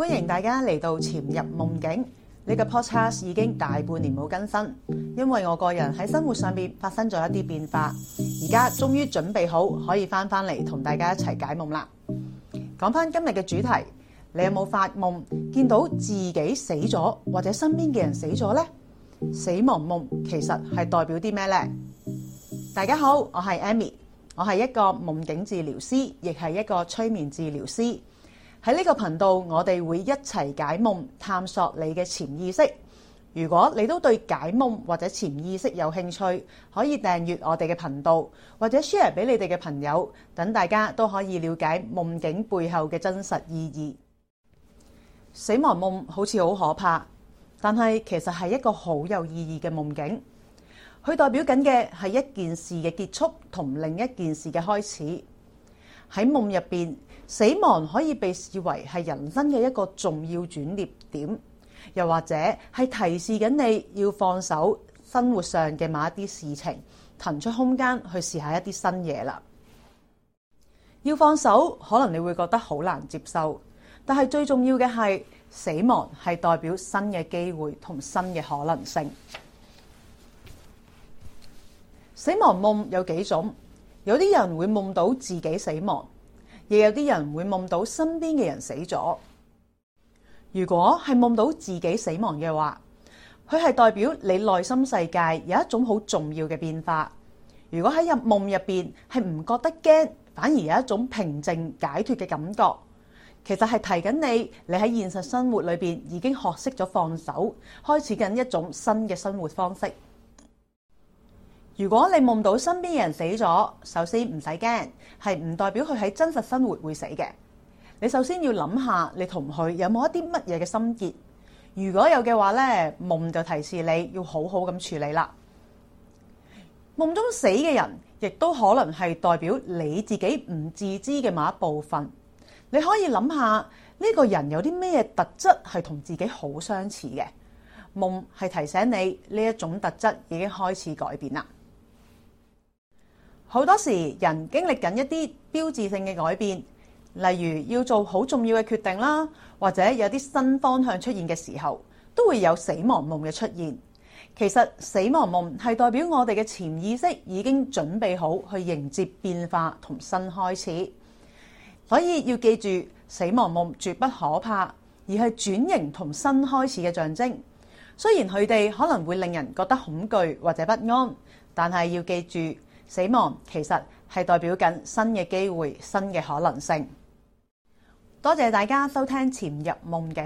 歡迎大家嚟到潛入夢境。呢個 podcast 已經大半年冇更新，因為我個人喺生活上面發生咗一啲變化，而家終於準備好可以翻返嚟同大家一齊解夢啦。講翻今日嘅主題，你有冇發夢見到自己死咗或者身邊嘅人死咗呢？死亡夢其實係代表啲咩呢？大家好，我係 Amy，我係一個夢境治療師，亦係一個催眠治療師。喺呢個頻道，我哋會一齊解夢，探索你嘅潛意識。如果你都對解夢或者潛意識有興趣，可以訂閱我哋嘅頻道，或者 share 俾你哋嘅朋友，等大家都可以了解夢境背後嘅真實意義。死亡夢好似好可怕，但係其實係一個好有意義嘅夢境。佢代表緊嘅係一件事嘅結束同另一件事嘅開始。喺夢入邊，死亡可以被視為係人生嘅一個重要轉捩點，又或者係提示緊你要放手生活上嘅某一啲事情，騰出空間去試下一啲新嘢啦。要放手，可能你會覺得好難接受，但係最重要嘅係死亡係代表新嘅機會同新嘅可能性。死亡夢有幾種，有啲人會夢到自己死亡。亦有啲人會夢到身邊嘅人死咗。如果係夢到自己死亡嘅話，佢係代表你內心世界有一種好重要嘅變化。如果喺入夢入面係唔覺得驚，反而有一種平靜解脫嘅感覺，其實係提緊你，你喺現實生活裏面已經學識咗放手，開始緊一種新嘅生活方式。如果你夢到身邊嘅人死咗，首先唔使驚，係唔代表佢喺真實生活會死嘅。你首先要諗下，你同佢有冇一啲乜嘢嘅心結？如果有嘅話呢夢就提示你要好好咁處理啦。夢中死嘅人，亦都可能係代表你自己唔自知嘅某一部分。你可以諗下呢個人有啲咩特質係同自己好相似嘅？夢係提醒你呢一種特質已經開始改變啦。好多時，人經歷緊一啲標誌性嘅改變，例如要做好重要嘅決定啦，或者有啲新方向出現嘅時候，都會有死亡夢嘅出現。其實死亡夢係代表我哋嘅潛意識已經準備好去迎接變化同新開始。所以要記住，死亡夢絕不可怕，而係轉型同新開始嘅象徵。雖然佢哋可能會令人覺得恐懼或者不安，但係要記住。死亡其實係代表緊新嘅機會、新嘅可能性。多謝大家收聽《潛入夢境》。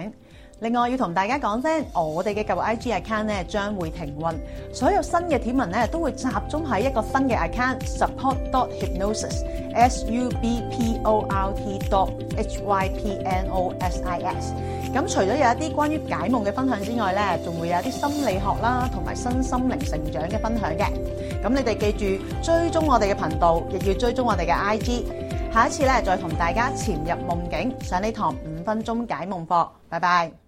另外要同大家講聲，我哋嘅舊 IG account 咧將會停運，所有新嘅帖文咧都會集中喺一個新嘅 account support dot hypnosis s u b p o r t dot h y p n o s i s。咁除咗有一啲關於解夢嘅分享之外咧，仲會有啲心理學啦，同埋新心靈成長嘅分享嘅。咁你哋記住追蹤我哋嘅頻道，亦要追蹤我哋嘅 IG。下一次呢，再同大家潛入夢境，上呢堂五分鐘解夢課。拜拜。